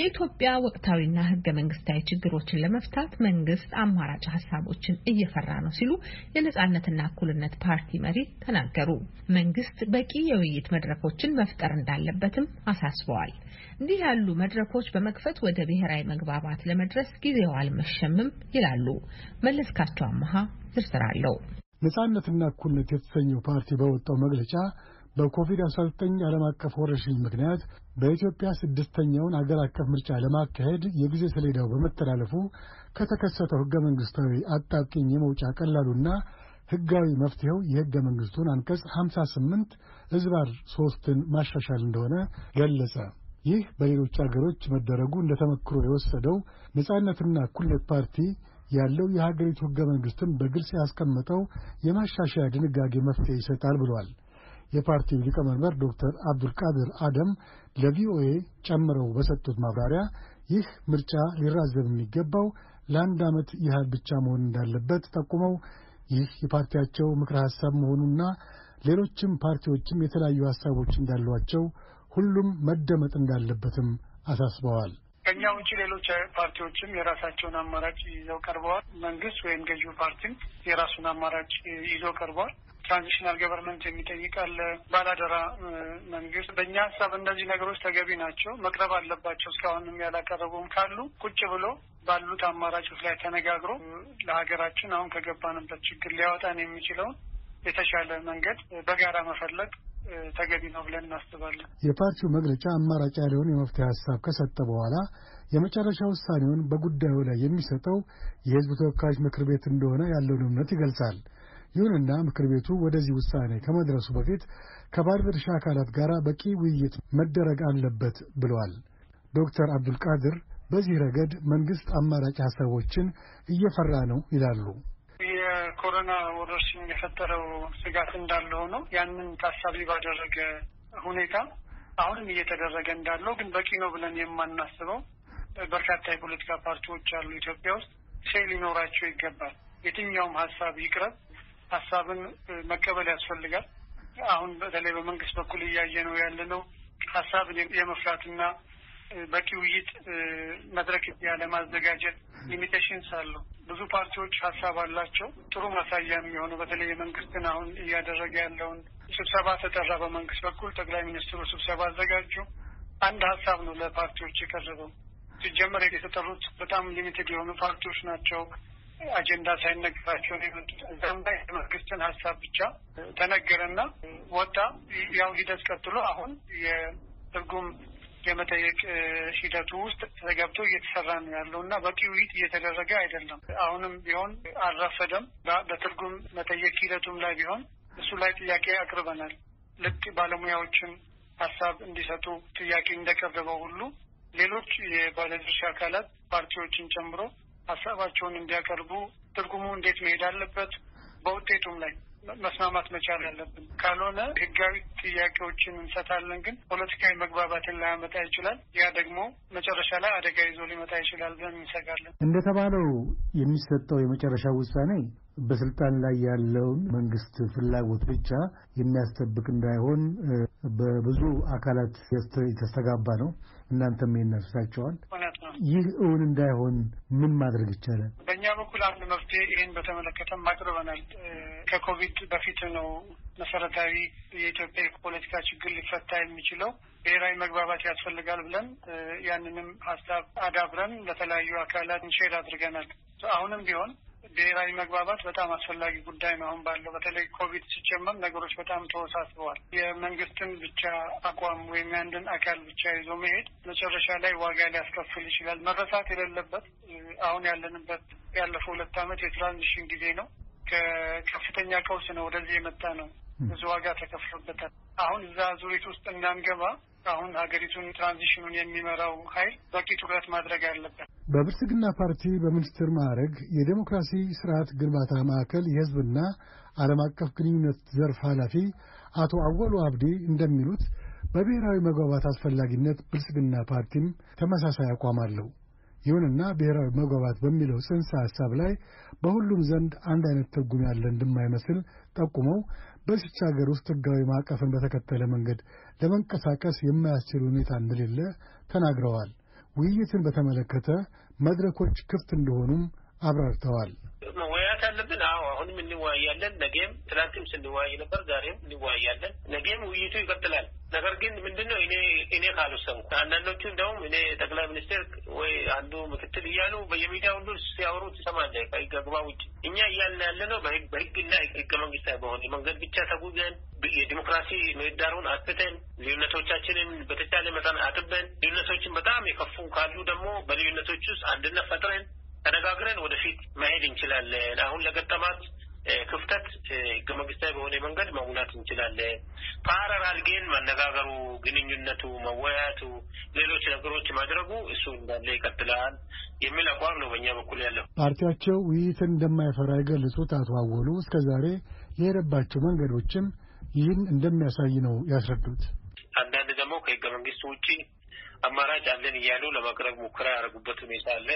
የኢትዮጵያ ወቅታዊና ህገ መንግስታዊ ችግሮችን ለመፍታት መንግስት አማራጭ ሀሳቦችን እየፈራ ነው ሲሉ የነጻነትና እኩልነት ፓርቲ መሪ ተናገሩ። መንግስት በቂ የውይይት መድረኮችን መፍጠር እንዳለበትም አሳስበዋል። እንዲህ ያሉ መድረኮች በመክፈት ወደ ብሔራዊ መግባባት ለመድረስ ጊዜው አልመሸምም ይላሉ። መለስካቸው አመሃ ዝርዝር አለው። ነጻነትና እኩልነት የተሰኘው ፓርቲ በወጣው መግለጫ በኮቪድ-19 ዓለም አቀፍ ወረርሽኝ ምክንያት በኢትዮጵያ ስድስተኛውን አገር አቀፍ ምርጫ ለማካሄድ የጊዜ ሰሌዳው በመተላለፉ ከተከሰተው ህገ መንግስታዊ አጣብቂኝ የመውጫ ቀላሉና ህጋዊ መፍትሄው የህገ መንግስቱን አንቀጽ 58 ዕዝባር ሶስትን ማሻሻል እንደሆነ ገለጸ። ይህ በሌሎች አገሮች መደረጉ እንደ ተመክሮ የወሰደው ነጻነትና እኩልነት ፓርቲ ያለው የሀገሪቱ ህገ መንግስትን በግልጽ ያስቀመጠው የማሻሻያ ድንጋጌ መፍትሄ ይሰጣል ብሏል። የፓርቲው ሊቀመንበር ዶክተር አብዱልቃድር አደም ለቪኦኤ ጨምረው በሰጡት ማብራሪያ ይህ ምርጫ ሊራዘም የሚገባው ለአንድ ዓመት ያህል ብቻ መሆን እንዳለበት ጠቁመው ይህ የፓርቲያቸው ምክረ ሐሳብ መሆኑና ሌሎችም ፓርቲዎችም የተለያዩ ሐሳቦች እንዳሏቸው ሁሉም መደመጥ እንዳለበትም አሳስበዋል። ከእኛ ውጭ ሌሎች ፓርቲዎችም የራሳቸውን አማራጭ ይዘው ቀርበዋል። መንግስት ወይም ገዢው ፓርቲም የራሱን አማራጭ ይዞ ቀርበዋል። ትራንዚሽናል ገቨርንመንት አለ ባላደራ መንግስት። በእኛ ሀሳብ እነዚህ ነገሮች ተገቢ ናቸው፣ መቅረብ አለባቸው። እስካሁንም ያላቀረቡም ካሉ ቁጭ ብሎ ባሉት አማራጮች ላይ ተነጋግሮ ለሀገራችን አሁን ከገባንበት ችግር ሊያወጣን የሚችለውን የተሻለ መንገድ በጋራ መፈለግ ተገቢ ነው ብለን እናስባለን። የፓርቲው መግለጫ አማራጭ ያለውን የመፍትሄ ሀሳብ ከሰጠ በኋላ የመጨረሻ ውሳኔውን በጉዳዩ ላይ የሚሰጠው የህዝብ ተወካዮች ምክር ቤት እንደሆነ ያለውን እምነት ይገልጻል። ይሁንና ምክር ቤቱ ወደዚህ ውሳኔ ከመድረሱ በፊት ከባለድርሻ አካላት ጋር በቂ ውይይት መደረግ አለበት ብለዋል። ዶክተር አብዱልቃድር በዚህ ረገድ መንግስት አማራጭ ሀሳቦችን እየፈራ ነው ይላሉ። የኮሮና ወረርሽኝ የፈጠረው ስጋት እንዳለ ሆኖ ያንን ታሳቢ ባደረገ ሁኔታ አሁንም እየተደረገ እንዳለው ግን በቂ ነው ብለን የማናስበው በርካታ የፖለቲካ ፓርቲዎች አሉ ኢትዮጵያ ውስጥ ሴ ሊኖራቸው ይገባል። የትኛውም ሀሳብ ይቅረብ ሀሳብን መቀበል ያስፈልጋል። አሁን በተለይ በመንግስት በኩል እያየ ነው ያለ ነው ሀሳብን የመፍራትና በቂ ውይይት መድረክ ያለማዘጋጀት ሊሚቴሽንስ አለው። ብዙ ፓርቲዎች ሀሳብ አላቸው። ጥሩ ማሳያ የሚሆነው በተለይ የመንግስትን አሁን እያደረገ ያለውን ስብሰባ ተጠራ። በመንግስት በኩል ጠቅላይ ሚኒስትሩ ስብሰባ አዘጋጁ። አንድ ሀሳብ ነው ለፓርቲዎች የቀረበው። ሲጀመር የተጠሩት በጣም ሊሚትድ የሆኑ ፓርቲዎች ናቸው። አጀንዳ ሳይነገራቸው ላይ የመንግስትን ሀሳብ ብቻ ተነገረና ወጣ። ያው ሂደት ቀጥሎ አሁን የትርጉም የመጠየቅ ሂደቱ ውስጥ ተገብቶ እየተሰራ ነው ያለው እና በቂ ውይይት እየተደረገ አይደለም። አሁንም ቢሆን አልረፈደም። በትርጉም መጠየቅ ሂደቱም ላይ ቢሆን እሱ ላይ ጥያቄ አቅርበናል። ልክ ባለሙያዎችን ሀሳብ እንዲሰጡ ጥያቄ እንደቀረበው ሁሉ ሌሎች የባለድርሻ አካላት ፓርቲዎችን ጨምሮ ሀሳባቸውን እንዲያቀርቡ ትርጉሙ እንዴት መሄድ አለበት፣ በውጤቱም ላይ መስማማት መቻል አለብን። ካልሆነ ህጋዊ ጥያቄዎችን እንሰጣለን፣ ግን ፖለቲካዊ መግባባትን ላያመጣ ይችላል። ያ ደግሞ መጨረሻ ላይ አደጋ ይዞ ሊመጣ ይችላል ብለን እንሰጋለን። እንደተባለው የሚሰጠው የመጨረሻ ውሳኔ በስልጣን ላይ ያለውን መንግስት ፍላጎት ብቻ የሚያስጠብቅ እንዳይሆን በብዙ አካላት የተስተጋባ ነው። እናንተም ይነሳቸዋል። ይህ እውን እንዳይሆን ምን ማድረግ ይቻላል? በእኛ በኩል አንድ መፍትሄ ይህን በተመለከተ ማቅርበናል። ከኮቪድ በፊት ነው መሰረታዊ የኢትዮጵያ የፖለቲካ ችግር ሊፈታ የሚችለው ብሔራዊ መግባባት ያስፈልጋል ብለን ያንንም ሀሳብ አዳብረን ለተለያዩ አካላት እንሼድ አድርገናል። አሁንም ቢሆን ብሔራዊ መግባባት በጣም አስፈላጊ ጉዳይ ነው። አሁን ባለው በተለይ ኮቪድ ሲጀመር ነገሮች በጣም ተወሳስበዋል። የመንግስትን ብቻ አቋም ወይም ያንድን አካል ብቻ ይዞ መሄድ መጨረሻ ላይ ዋጋ ሊያስከፍል ይችላል። መረሳት የሌለበት አሁን ያለንበት ያለፈው ሁለት ዓመት የትራንዚሽን ጊዜ ነው። ከከፍተኛ ቀውስ ነው ወደዚህ የመጣ ነው። ብዙ ዋጋ ተከፍሎበታል። አሁን እዛ ዙሪት ውስጥ እንዳንገባ አሁን ሀገሪቱን ትራንዚሽኑን የሚመራው ኃይል በቂ ትኩረት ማድረግ አለበት። በብልጽግና ፓርቲ በሚኒስትር ማዕረግ የዴሞክራሲ ስርዓት ግንባታ ማዕከል የህዝብና ዓለም አቀፍ ግንኙነት ዘርፍ ኃላፊ አቶ አወሉ አብዲ እንደሚሉት በብሔራዊ መግባባት አስፈላጊነት ብልጽግና ፓርቲም ተመሳሳይ አቋም አለው። ይሁንና ብሔራዊ መግባባት በሚለው ጽንሰ ሐሳብ ላይ በሁሉም ዘንድ አንድ አይነት ትርጉም ያለ እንደማይመስል ጠቁመው በዚች ሀገር ውስጥ ሕጋዊ ማዕቀፍን በተከተለ መንገድ ለመንቀሳቀስ የማያስችል ሁኔታ እንደሌለ ተናግረዋል። ውይይትን በተመለከተ መድረኮች ክፍት እንደሆኑም አብራርተዋል። መወያየት አለብን። አዎ አሁንም እንወያያለን። ነገም ትላንትም ስንወያይ ነበር፣ ዛሬም እንወያያለን። ነገም ውይይቱ ይቀጥላል። ነገር ግን ምንድን ነው እኔ እኔ ካልወሰንኩ አንዳንዶቹ እንደውም እኔ ጠቅላይ ሚኒስትር ወይ አንዱ ምክትል እያሉ በየሚዲያ ሁሉ ሲያወሩ ትሰማለህ ከህግ ውጭ። እኛ እያልን ያለ ነው በህግና ህገ መንግስታዊ በሆነ መንገድ ብቻ ተጉዘን የዲሞክራሲ ምህዳሩን አስፍተን ልዩነቶቻችንን በተቻለ መጠን አጥበን ልዩነቶችን በጣም የከፉ ካሉ ደግሞ በልዩነቶች ውስጥ አንድነት ፈጥረን ተነጋግረን ወደፊት መሄድ እንችላለን። አሁን ለገጠማት ክፍተት ህገ መንግስታዊ በሆነ መንገድ መሙላት እንችላለን። ፓራራል ግን መነጋገሩ፣ ግንኙነቱ፣ መወያያቱ ሌሎች ነገሮች ማድረጉ እሱ እንዳለ ይቀጥላል የሚል አቋም ነው በእኛ በኩል ያለው። ፓርቲያቸው ውይይትን እንደማይፈራ የገለጹት አቶ አወሉ እስከ ዛሬ የሄደባቸው መንገዶችም ይህን እንደሚያሳይ ነው ያስረዱት። አንዳንድ ደግሞ ከህገ መንግስቱ ውጪ አማራጭ አለን እያሉ ለማቅረብ ሙከራ ያደረጉበት ሁኔታ አለ።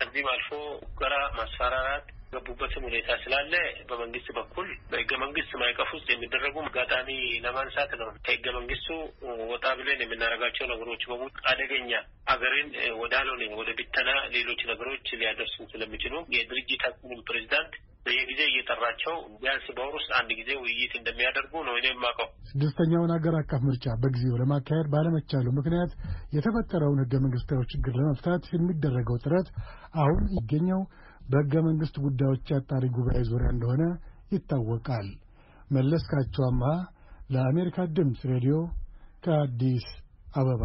ከዚህም አልፎ ሙከራ ማስፈራራት ገቡበትም ሁኔታ ስላለ በመንግስት በኩል በህገ መንግስት ማዕቀፍ ውስጥ የሚደረጉ አጋጣሚ ለማንሳት ነው። ከህገ መንግስቱ ወጣ ብለን የምናደርጋቸው ነገሮች በሙሉ አደገኛ ሀገርን ወዳልሆነ ወደ ቢተና ሌሎች ነገሮች ሊያደርሱ ስለሚችሉ አቁሙን ፕሬዚዳንት የሚጠራቸው ቢያንስ በወር ውስጥ አንድ ጊዜ ውይይት እንደሚያደርጉ ነው እኔ የማውቀው። ስድስተኛውን አገር አቀፍ ምርጫ በጊዜው ለማካሄድ ባለመቻሉ ምክንያት የተፈጠረውን ህገ መንግስታዊ ችግር ለመፍታት የሚደረገው ጥረት አሁን ይገኘው በህገ መንግስት ጉዳዮች አጣሪ ጉባኤ ዙሪያ እንደሆነ ይታወቃል። መለስካቸው አምሃ ለአሜሪካ ድምፅ ሬዲዮ ከአዲስ አበባ